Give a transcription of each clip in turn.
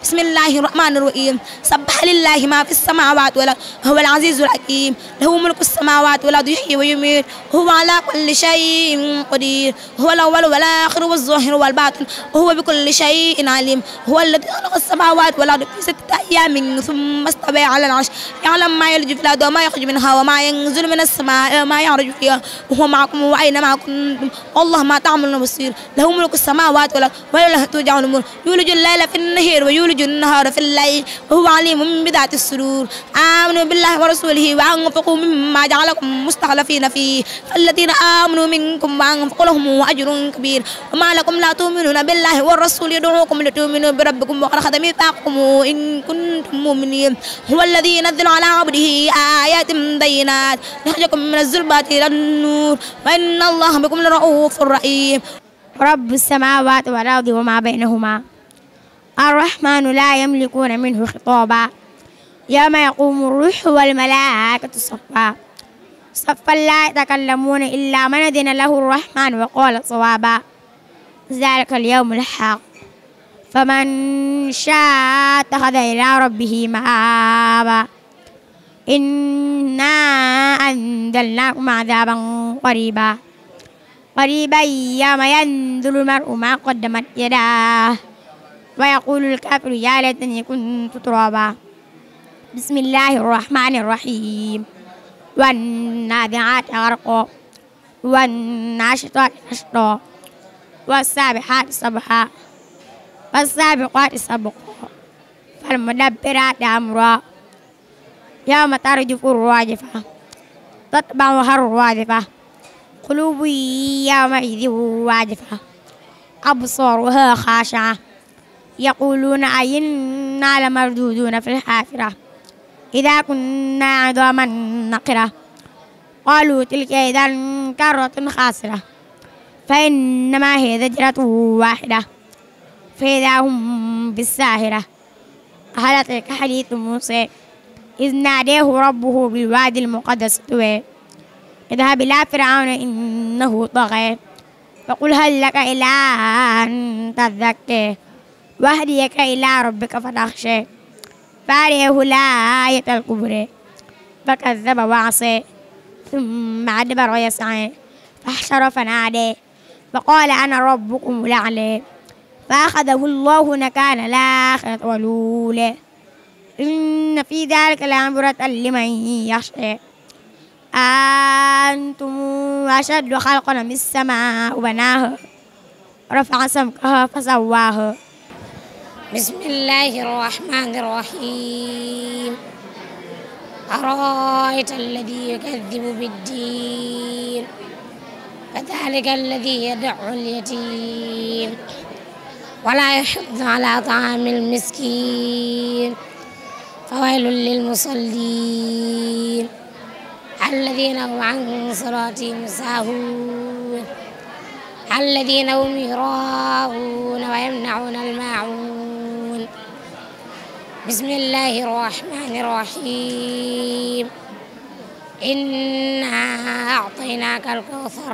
bismillahi rahmani rahim sabaha lillahi ma fi samawati wala huwa al-azizu al-hakim lahu mulku samawati wala yuhyi wa yumiit huwa ala kulli shay'in qadir huwa al-awwal wal akhir wal zahir wal batin huwa bi kulli shay'in alim huwa alladhi khalaqa as-samawati wal arda fi sittati ayamin thumma istawa ala al-'arsh ya'lamu ma yaliju fil ardi wa ma yakhruju minha wa ma yanzilu min as-sama'i wa ma ya'ruju fiha wa huwa ma'akum wa aynama kuntum wallahu ma ta'maluna basir lahu mulku as-samawati wal ardi wa ilayhi turja'un yuliju al-layla fi an-nahari يولج النهار في الليل وهو عليم بذات السرور آمنوا بالله ورسوله وأنفقوا مما جعلكم مستخلفين فيه فالذين آمنوا منكم وأنفقوا لهم أجر كبير وما لكم لا تؤمنون بالله والرسول يدعوكم لتؤمنوا بربكم وقد خذ ميثاقكم إن كنتم مؤمنين هو الذي ينزل على عبده آيات بينات يخرجكم من الظلمات إلى النور وإن الله بكم لرؤوف رحيم رب السماوات والأرض وما بينهما الرحمن لا يملكون منه خطابا يوم يقوم الروح والملائكة صفا صفا لا يتكلمون إلا من أذن له الرحمن وقال صوابا ذلك اليوم الحق فمن شاء اتخذ إلى ربه مآبا إنا أنزلناكم عذابا قريبا قريبا يوم ينزل المرء ما قدمت يداه wa yaqulu l-kaafiru yaa laytanii kuntu turaaban bismillahi rahmaani rahiim wan-naazi'aati gharqan wan-naashitaati nashtan was-saabihaati sabhan was-saabiqaati sabqan fal-mudabbiraati amran yawma tarjifu r-raajifa tatba'uha r-raajifa quluubun yawma'idhin waajifa absaaruha xaashi'atun yaquluuna a inna la marduuduuna fi lxaafira ida kunna idaaman naqira qaalu tilka idan karratun xaasira fa innama hiya zajratun waaxida fa idaa hum bisaahira qaala tilka xadiisu muusaa iz naadeehu rabbuhu bilwaadi almuqaddasi tuwaa idhab ilaa fircawna innahu tagaa faqul hal laka ilaa an tazakkaa واهديك إلى ربك فتخشى فاريه لا آية الكبرى فكذب وعصى ثم أدبر ويسعى فاحشر فنادى فقال أنا ربكم الأعلى فأخذه الله نكال الآخرة والأولى إن في ذلك لعبرة لمن يخشى أنتم أشد خلقنا من السماء وبناها رفع سمكها فسواها بسم الله الرحمن الرحيم أرأيت الذي يكذب بالدين فذلك الذي يدع اليتيم ولا يحض على طعام المسكين فويل للمصلين الذين هم عن صلاتهم ساهون الذين هم يراءون ويمنعون الماعون bismillahi irrahmani irrahim inna actaynaaka alkawsar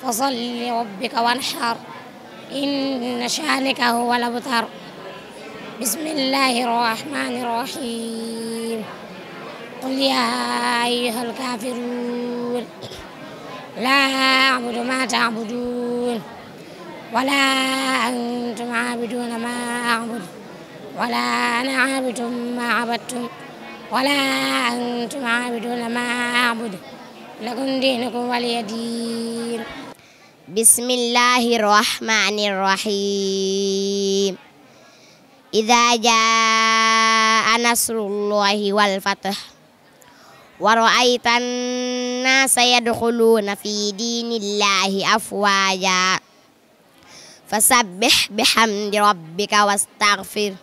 fa salli rabbika wanhar inna shaanika huwa labtar bismillahi irrahmani irrahim qul yaa ayyuhal kaafiruun laa acbudu maa tacbuduun wa laa antum caabiduuna maa acbudu ولا أنا عابد ما عبدتم ولا أنتم عابدون ما أعبد لكم دينكم ولي دين بسم الله الرحمن الرحيم إذا جاء نصر الله والفتح ورأيت الناس يدخلون في دين الله أفواجا فسبح بحمد ربك واستغفر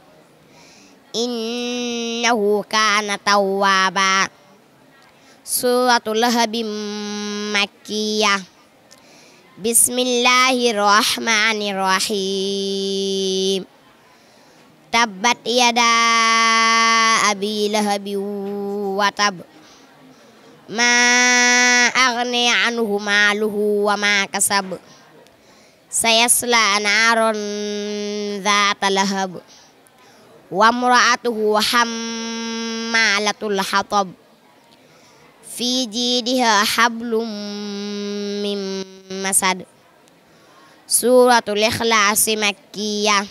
innahu kaana tawwaaba suratu lahabi makkiya bismillahi rahmani rahim tabbat yada abi lahabi wa tab ma aghni anhu maaluhu wa ma kasab sayasla naaran dhaata lahab wa mraatuhu xammaalatul xatab fi jiidiha xablum min masad suuratul ixlaasi makkiya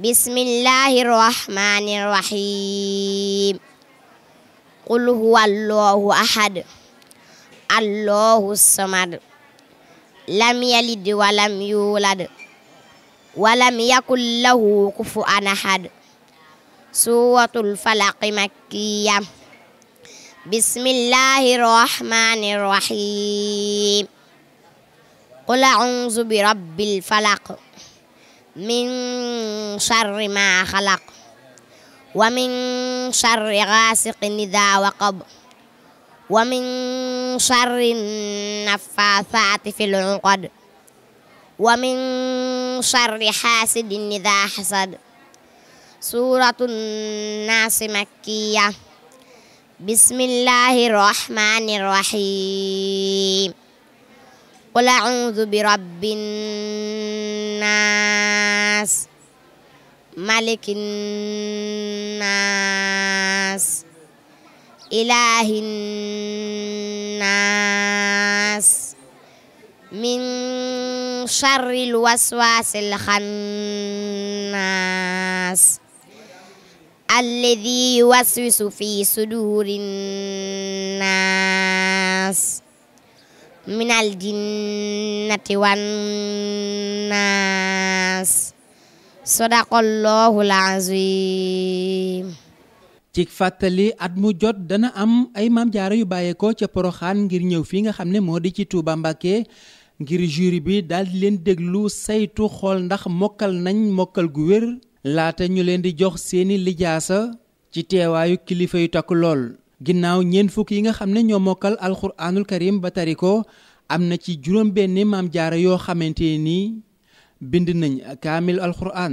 bismillahi rahmani rahim qul huwa allahu ahad allahu samad lam yalid wa lam walam yakul lahu kufuwan ahad suuratul falaqi makkiya bismillahir rahmanir rahim qul a'uuzu bi rabbil falaq min sharri ma xalaq wa min sharri gaasiqin idha waqab wa min sharri naffaasaati fil uqad wa min sharri hasidin idha hasad suratun nas makkiya bismillahir rahmanir rahim qul a'udhu bi rabbin nas malikin nas ilahin nas min شر الوسواس الخناس الذي يوسوس في صدور الناس من الجنة والناس صدق الله العظيم ci fàttali at mu jot dana am ay maam jaara yu bàyyeekoo ca poroxaan ngir ñëw fii nga xam ne moo di ci Touba Mbacké ngir jury bi daal di leen déglu saytu xool ndax mokkal nañ mokkal gu wér laata ñu leen di jox seeni lijaasa ci teewaayu kilifa yu takk lool ginnaaw ñeent fukk yi nga xam ne ñoo mokkal alxuraanul karim ba tari ko am na ci juróom benn maam jaara yoo xamante ni bind nañ kaamil alxuraan